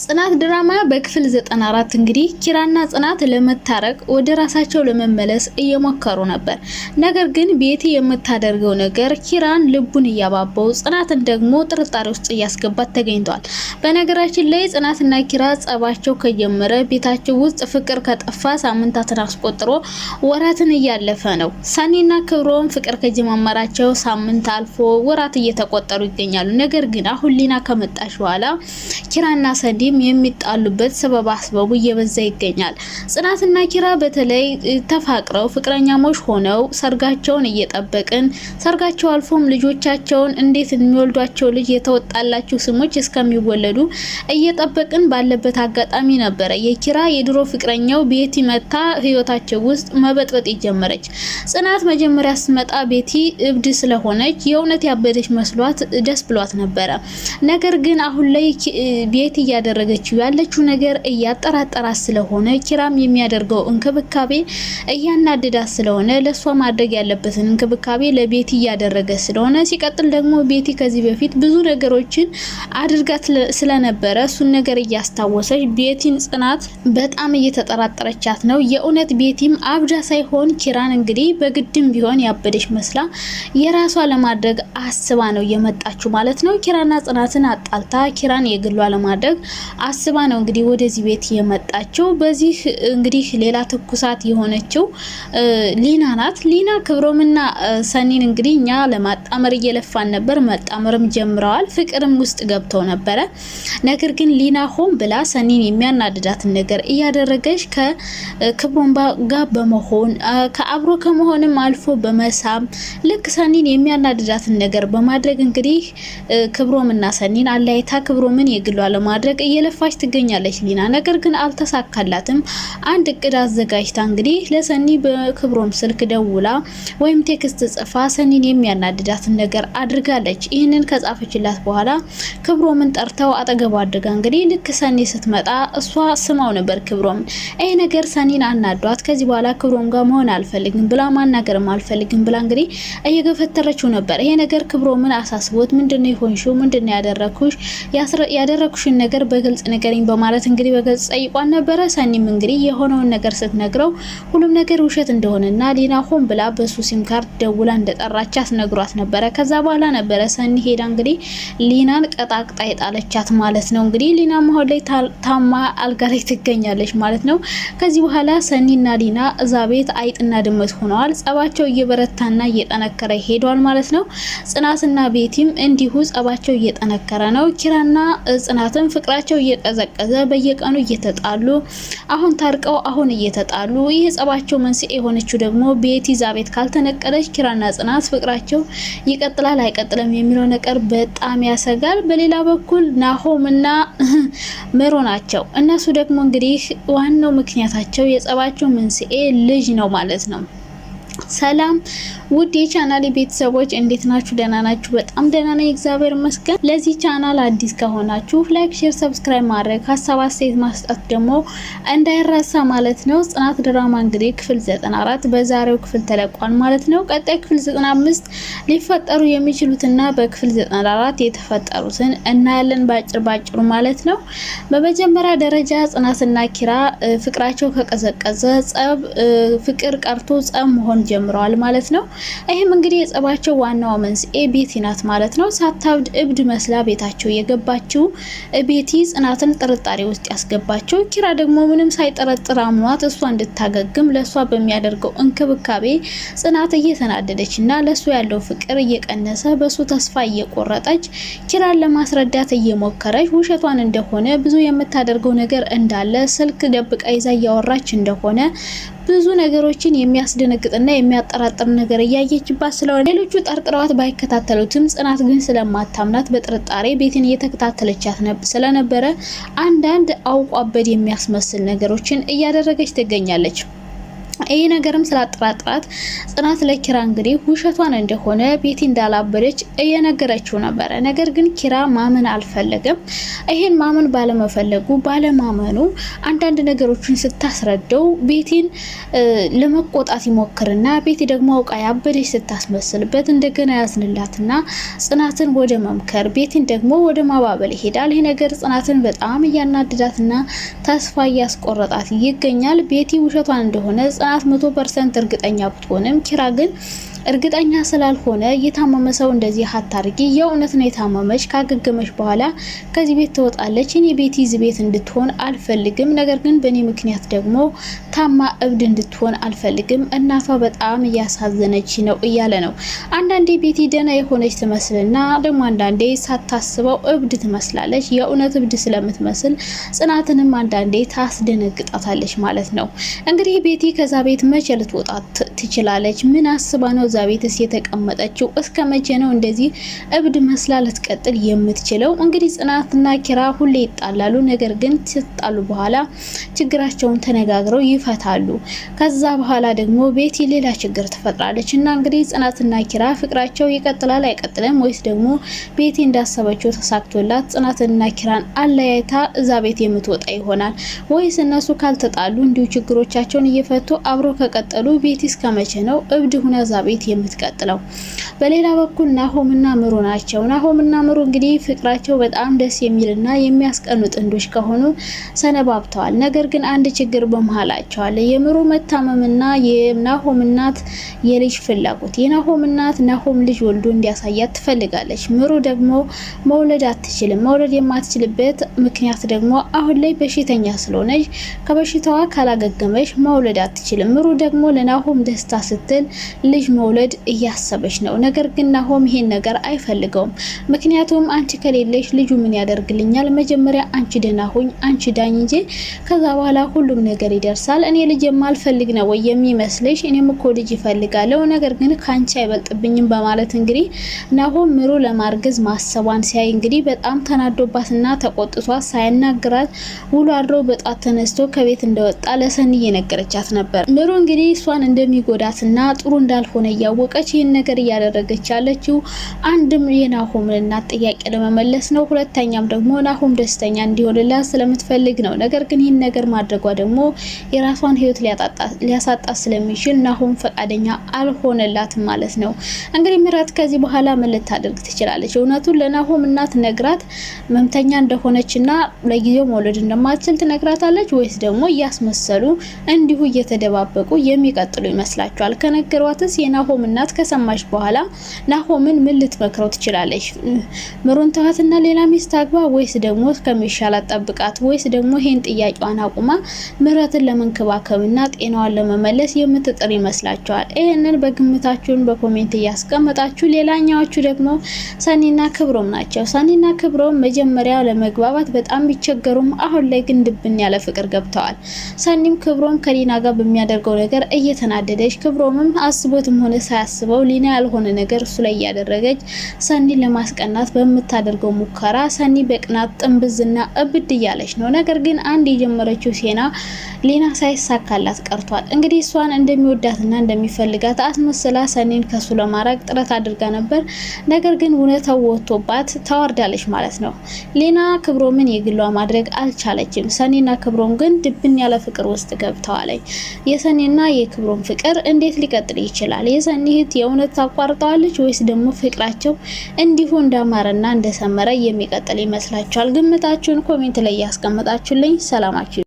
ጽናት ድራማ በክፍል 94 እንግዲህ ኪራና ጽናት ለመታረቅ ወደ ራሳቸው ለመመለስ እየሞከሩ ነበር። ነገር ግን ቤቲ የምታደርገው ነገር ኪራን ልቡን እያባበው፣ ጽናትን ደግሞ ጥርጣሬ ውስጥ እያስገባት ተገኝቷል። በነገራችን ላይ ጽናትና ኪራ ጸባቸው ከጀመረ ቤታቸው ውስጥ ፍቅር ከጠፋ ሳምንታትን አስቆጥሮ ወራትን እያለፈ ነው። ሳኒና ክብሮም ፍቅር ከጀመመራቸው ሳምንት አልፎ ወራት እየተቆጠሩ ይገኛሉ። ነገር ግን አሁን ሊና ከመጣች በኋላ ኪራና ሰኒ እንግዲህ የሚጣሉበት ሰበብ አስበቡ እየበዛ ይገኛል። ጽናትና ኪራ በተለይ ተፋቅረው ፍቅረኛሞች ሆነው ሰርጋቸውን እየጠበቅን ሰርጋቸው አልፎም ልጆቻቸውን እንዴት የሚወልዷቸው ልጅ የተወጣላችሁ ስሞች እስከሚወለዱ እየጠበቅን ባለበት አጋጣሚ ነበረ የኪራ የድሮ ፍቅረኛው ቤቲ መታ ህይወታቸው ውስጥ መበጥበጥ የጀመረች። ጽናት መጀመሪያ ስትመጣ ቤቲ እብድ ስለሆነች የእውነት ያበደች መስሏት ደስ ብሏት ነበረ። ነገር ግን አሁን ላይ ቤቲ እያደረ እያደረገችው ያለችው ነገር እያጠራጠራት ስለሆነ ኪራም የሚያደርገው እንክብካቤ እያናደዳት ስለሆነ ለእሷ ማድረግ ያለበትን እንክብካቤ ለቤቲ እያደረገ ስለሆነ ሲቀጥል ደግሞ ቤቲ ከዚህ በፊት ብዙ ነገሮችን አድርጋት ስለነበረ እሱን ነገር እያስታወሰች ቤቲን ጽናት በጣም እየተጠራጠረቻት ነው። የእውነት ቤቲም አብዳ ሳይሆን ኪራን እንግዲህ በግድም ቢሆን ያበደች መስላ የራሷ ለማድረግ አስባ ነው የመጣችው ማለት ነው። ኪራና ጽናትን አጣልታ ኪራን የግሏ ለማድረግ አስባ ነው እንግዲህ ወደዚህ ቤት የመጣችው። በዚህ እንግዲህ ሌላ ትኩሳት የሆነችው ሊና ናት። ሊና ክብሮምና ሰኒን እንግዲህ እኛ ለማጣመር እየለፋን ነበር። መጣመርም ጀምረዋል። ፍቅርም ውስጥ ገብተው ነበረ። ነገር ግን ሊና ሆን ብላ ሰኒን የሚያናድዳትን ነገር እያደረገች ከክብሮም ጋር በመሆን ከአብሮ ከመሆንም አልፎ በመሳም ልክ ሰኒን የሚያናድዳትን ነገር በማድረግ እንግዲህ ክብሮምና ሰኒን አለያይታ ክብሮምን የግሏ ለማድረግ እየለፋች ትገኛለች ሊና። ነገር ግን አልተሳካላትም። አንድ እቅድ አዘጋጅታ እንግዲህ ለሰኒ በክብሮም ስልክ ደውላ ወይም ቴክስት ጽፋ ሰኒን የሚያናድዳትን ነገር አድርጋለች። ይህንን ከጻፈችላት በኋላ ክብሮምን ጠርተው አጠገቡ አድርጋ እንግዲህ ልክ ሰኒ ስትመጣ እሷ ስማው ነበር ክብሮም። ይህ ነገር ሰኒን አናዷት። ከዚህ በኋላ ክብሮም ጋር መሆን አልፈልግም ብላ ማናገርም አልፈልግም ብላ እንግዲህ እየገፈተረችው ነበር። ይሄ ነገር ክብሮምን አሳስቦት ምንድነው የሆንሽው? ምንድነው ያደረኩሽ? ያደረኩሽን ነገር በ በግልጽ ንገረኝ በማለት እንግዲህ በግልጽ ጠይቋን ነበረ። ሰኒም እንግዲህ የሆነውን ነገር ስትነግረው ሁሉም ነገር ውሸት እንደሆነና ሊና ሆን ብላ በሱ ሲም ካርድ ደውላ እንደጠራች አስነግሯት ነበረ። ከዛ በኋላ ነበረ ሰኒ ሄዳ እንግዲህ ሊናን ቀጣቅጣ የጣለቻት ማለት ነው። እንግዲህ ሊና አሁን ላይ ታማ አልጋ ላይ ትገኛለች ማለት ነው። ከዚህ በኋላ ሰኒና ሊና እዛ ቤት አይጥና ድመት ሆነዋል። ጸባቸው እየበረታና እየጠነከረ ሄዷል ማለት ነው። ጽናትና ቤቲም እንዲሁ ጸባቸው እየጠነከረ ነው። ኪራና ጽናትም ፍቅራቸው ጸባቸው እየቀዘቀዘ በየቀኑ እየተጣሉ አሁን ታርቀው አሁን እየተጣሉ ይህ ጸባቸው መንስኤ የሆነችው ደግሞ ቤቲ ዛቤት ካልተነቀለች ኪራና ጽናት ፍቅራቸው ይቀጥላል አይቀጥልም የሚለው ነገር በጣም ያሰጋል። በሌላ በኩል ናሆምና መሮ ናቸው። እነሱ ደግሞ እንግዲህ ዋናው ምክንያታቸው የጸባቸው መንስኤ ልጅ ነው ማለት ነው። ሰላም ውድ የቻናል ቤተሰቦች እንዴት ናችሁ? ደህና ናችሁ? በጣም ደህና ነኝ፣ እግዚአብሔር ይመስገን። ለዚህ ቻናል አዲስ ከሆናችሁ ላይክ፣ ሼር፣ ሰብስክራይብ ማድረግ ሀሳብ አስተያየት ማስጣት ደግሞ እንዳይረሳ ማለት ነው። ጽናት ድራማ እንግዲህ ክፍል 94 በዛሬው ክፍል ተለቋል ማለት ነው። ቀጣይ ክፍል 95 ሊፈጠሩ የሚችሉትና በክፍል 94 የተፈጠሩትን እናያለን ባጭር ባጭሩ ማለት ነው። በመጀመሪያ ደረጃ ጽናትና ኪራ ፍቅራቸው ከቀዘቀዘ ጸብ ፍቅር ቀርቶ ጸብ መሆን ጀምረዋል ማለት ነው። ይህም እንግዲህ የጸባቸው ዋናው መንስኤ ቤቲ ናት ማለት ነው። ሳታብድ እብድ መስላ ቤታቸው የገባችው ቤቲ ጽናትን ጥርጣሬ ውስጥ ያስገባቸው፣ ኪራ ደግሞ ምንም ሳይጠረጥር አምኗት እሷ እንድታገግም ለእሷ በሚያደርገው እንክብካቤ ጽናት እየተናደደች እና ለእሱ ያለው ፍቅር እየቀነሰ በሱ ተስፋ እየቆረጠች ኪራን ለማስረዳት እየሞከረች ውሸቷን እንደሆነ ብዙ የምታደርገው ነገር እንዳለ ስልክ ደብቃ ይዛ እያወራች እንደሆነ ብዙ ነገሮችን የሚያስደነግጥና የሚያጠራጥር ነገር እያየችባት ስለሆነ ሌሎቹ ጠርጥረዋት ባይከታተሉትም ጽናት ግን ስለማታምናት በጥርጣሬ ቤትን እየተከታተለቻት ስለነበረ አንዳንድ አውቋበድ የሚያስመስል ነገሮችን እያደረገች ትገኛለች። ይህ ነገርም ስላጠራጥራት ጽናት ለኪራ እንግዲህ ውሸቷን እንደሆነ ቤቲ እንዳላበደች እየነገረችው ነበረ። ነገር ግን ኪራ ማመን አልፈለገም። ይሄን ማመን ባለመፈለጉ ባለማመኑ አንዳንድ ነገሮችን ስታስረደው ቤቲን ለመቆጣት ይሞክርና ቤቲ ደግሞ አውቃ ያበደች ስታስመስልበት እንደገና ያዝንላትና ጽናትን ወደ መምከር ቤቲን ደግሞ ወደ ማባበል ይሄዳል። ይህ ነገር ጽናትን በጣም እያናድዳትና ተስፋ እያስቆረጣት ይገኛል። ቤቲ ውሸቷን እንደሆነ ጽናት መቶ ፐርሰንት እርግጠኛ ብትሆንም ኪራ ግን እርግጠኛ ስላልሆነ የታመመ ሰው እንደዚህ አታርጊ፣ የእውነት ነው የታመመች ካገገመች በኋላ ከዚህ ቤት ትወጣለች። እኔ ቤት ይዝ ቤት እንድትሆን አልፈልግም። ነገር ግን በእኔ ምክንያት ደግሞ ታማ እብድ እንድትሆን አልፈልግም። እናቷ በጣም እያሳዘነች ነው እያለ ነው። አንዳንዴ ቤቲ ደህና የሆነች ትመስልና ደግሞ አንዳንዴ ሳታስበው እብድ ትመስላለች። የእውነት እብድ ስለምትመስል ጽናትንም አንዳንዴ ታስደነግጣታለች ማለት ነው። እንግዲህ ቤቲ ከዛ ቤት መቼ ልትወጣ ትችላለች? ምን አስባ ነው እዛ ቤትስ የተቀመጠችው? እስከ መቼ ነው እንደዚህ እብድ መስላ ልትቀጥል የምትችለው? እንግዲህ ጽናትና ኪራ ሁሌ ይጣላሉ። ነገር ግን ሲጣሉ በኋላ ችግራቸውን ተነጋግረው ይፈታሉ። ከዛ በኋላ ደግሞ ቤቲ ሌላ ችግር ትፈጥራለች እና እንግዲህ ጽናትና ኪራ ፍቅራቸው ይቀጥላል አይቀጥልም? ወይስ ደግሞ ቤቲ እንዳሰበችው ተሳክቶላት ጽናትና ኪራን አለያይታ እዛ ቤት የምትወጣ ይሆናል ወይስ እነሱ ካልተጣሉ እንዲሁ ችግሮቻቸውን እየፈቱ አብሮ ከቀጠሉ ቤቲ እስከመቼ ነው እብድ ሁና እዛ ቤት የምትቀጥለው። በሌላ በኩል ናሆምና ምሩ ናቸው። ናሆምና ምሩ እንግዲህ ፍቅራቸው በጣም ደስ የሚልና የሚያስቀኑ ጥንዶች ከሆኑ ሰነባብተዋል። ነገር ግን አንድ ችግር በመሀላቸው አለ። የምሩ መታመምና የናሆም እናት የልጅ ፍላጎት። የናሆም እናት ናሆም ልጅ ወልዶ እንዲያሳያት ትፈልጋለች። ምሩ ደግሞ መውለድ አትችልም። መውለድ የማትችልበት ምክንያት ደግሞ አሁን ላይ በሽተኛ ስለሆነች ከበሽታዋ ካላገገመች መውለድ አትችልም። ምሩ ደግሞ ለናሆም ደስታ ስትል ልጅ መውለድ እያሰበች ነው። ነገር ግን ናሆም ይሄን ነገር አይፈልገውም። ምክንያቱም አንቺ ከሌለሽ ልጁ ምን ያደርግልኛል? መጀመሪያ አንቺ ደህና ሁኝ፣ አንቺ ዳኝ እንጂ ከዛ በኋላ ሁሉም ነገር ይደርሳል። እኔ ልጅ የማልፈልግ ነው ወይ የሚመስልሽ? እኔም እኮ ልጅ ይፈልጋለሁ፣ ነገር ግን ከአንቺ አይበልጥብኝም በማለት እንግዲህ ናሆም ምሩ ለማርገዝ ማሰቧን ሲያይ እንግዲህ በጣም ተናዶባትና ተቆጥቷ ሳያናግራት ውሎ አድሮ በጧት ተነስቶ ከቤት እንደወጣ ለሰኒ እየነገረቻት ነበር። ምሩ እንግዲህ እሷን እንደሚጎዳትና ጥሩ እንዳልሆነ እያወቀች ይህን ነገር እያደረ እያደረገች ያለችው አንድም የናሆምን እናት ጥያቄ ለመመለስ ነው፣ ሁለተኛም ደግሞ ናሆም ደስተኛ እንዲሆንላት ስለምትፈልግ ነው። ነገር ግን ይህን ነገር ማድረጓ ደግሞ የራሷን ህይወት ሊያሳጣ ስለሚችል ናሆም ፈቃደኛ አልሆነላትም ማለት ነው። እንግዲህ ምራት ከዚህ በኋላ ምን ልታደርግ ትችላለች? እውነቱን ለናሆም እናት ነግራት መምተኛ እንደሆነችና ለጊዜው መውለድ እንደማትችል ትነግራታለች ወይስ ደግሞ እያስመሰሉ እንዲሁ እየተደባበቁ የሚቀጥሉ ይመስላቸዋል? ከነገሯትስ የናሆም እናት ከሰማች በኋላ ናሆምን ምን ልትመክረው ትችላለች? ምሩን ተዋትና ሌላ ሚስት አግባ ወይስ ደግሞ ከሚሻላት ጠብቃት ወይስ ደግሞ ይሄን ጥያቄዋን አቁማ ምረትን ለመንከባከብና ጤናዋን ለመመለስ የምትጥር ይመስላችኋል? ይህንን በግምታችሁን በኮሜንት እያስቀመጣችሁ ሌላኛዎቹ ደግሞ ሰኒና ክብሮም ናቸው። ሰኒና ክብሮም መጀመሪያ ለመግባባት በጣም ቢቸገሩም አሁን ላይ ግን ድብን ያለ ፍቅር ገብተዋል። ሰኒም ክብሮም ከሊና ጋር በሚያደርገው ነገር እየተናደደች ክብሮምም አስቦትም ሆነ ሳያስበው ሊና ያልሆነ ነገር እሱ ላይ እያደረገች ሰኒ ለማስቀናት በምታደርገው ሙከራ ሰኒ በቅናት ጥንብዝና እብድ እያለች ነው። ነገር ግን አንድ የጀመረችው ሴና ሌና ሳይሳካላት ቀርቷል። እንግዲህ እሷን እንደሚወዳትና እንደሚፈልጋት አስመስላ ሰኒን ከሱ ለማራቅ ጥረት አድርጋ ነበር። ነገር ግን እውነታው ወጥቶባት ታዋርዳለች ማለት ነው። ሌና ክብሮምን የግሏ ማድረግ አልቻለችም። ሰኒና ክብሮም ግን ድብን ያለ ፍቅር ውስጥ ገብተዋለች። የሰኒና የክብሮም ፍቅር እንዴት ሊቀጥል ይችላል? የሰኒ እህት የእውነት ትቆጣዋለች ወይስ ደግሞ ፍቅራቸው እንዲሁ እንዳማረና እንደሰመረ የሚቀጥል ይመስላችኋል? ግምታችሁን ኮሜንት ላይ እያስቀመጣችሁልኝ ሰላማችሁ